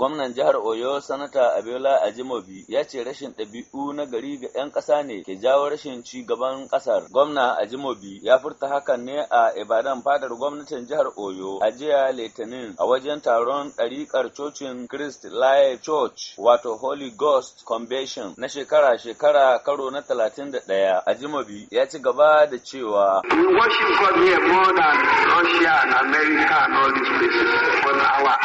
Gwamnan jihar Oyo Sanata Abiola Ajimobi ya ce rashin ɗabi'u na gari ga 'yan ƙasa ne ke jawo rashin ci gaban ƙasar. Gwamna Ajimobi ya furta hakan ne a Ibadan fadar gwamnatin jihar Oyo a jiya Litinin a wajen taron ɗariƙar cocin Christ Life Church wato Holy Ghost Convention na shekara-shekara karo na 31. Ajimobi ya ci gaba da cewa. We more than Russia and America and all these places, our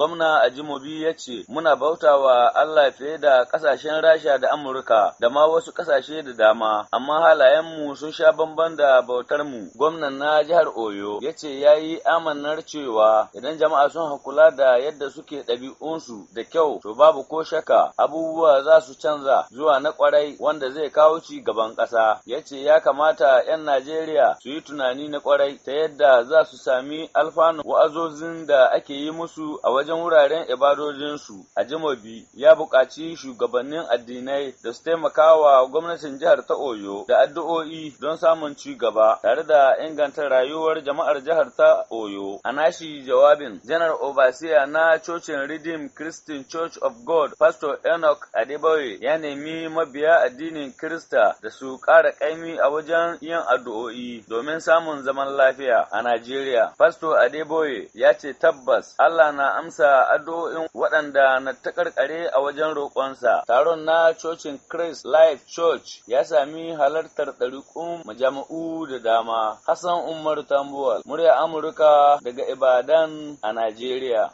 Gwamna Ajimobi ya ce muna bautawa Allah fiye da kasashen Rasha da Amurka da ma wasu kasashe da dama amma halayenmu sun sha bamban da bautar mu. Gwamnan na jihar Oyo ya ce ya yi amanar cewa idan jama'a sun hakula da yadda suke ɗabi'unsu da kyau to babu ko shaka abubuwa za su canza zuwa na kwarai wanda zai kawo ci gaban ƙasa. Ya ce ya kamata 'yan Najeriya su yi tunani na kwarai ta yadda za su sami alfanu wa'azozin da ake yi musu a wajen wajen wuraren ibadojinsu a Jimobi ya buƙaci shugabannin addinai da su taimaka wa gwamnatin jihar ta Oyo da addu'o'i don samun ci gaba tare da inganta rayuwar jama'ar jihar ta Oyo. A nashi jawabin, Janar Obasiya na Cocin Redeem Christian Church of God, Pastor Enoch Adebayo ya nemi mabiya addinin Kirista da su ƙara ƙaimi a wajen yin addu'o'i domin samun zaman lafiya a Najeriya. Pastor Adebayo ya ce tabbas Allah na amsa sa addu'o'in waɗanda na takarkare a wajen roƙonsa. Taron na cocin Christ Life Church ya sami halartar ɗariƙun majami'u da dama. Hassan Umar Tambuwal, murya Amurka daga Ibadan a Najeriya.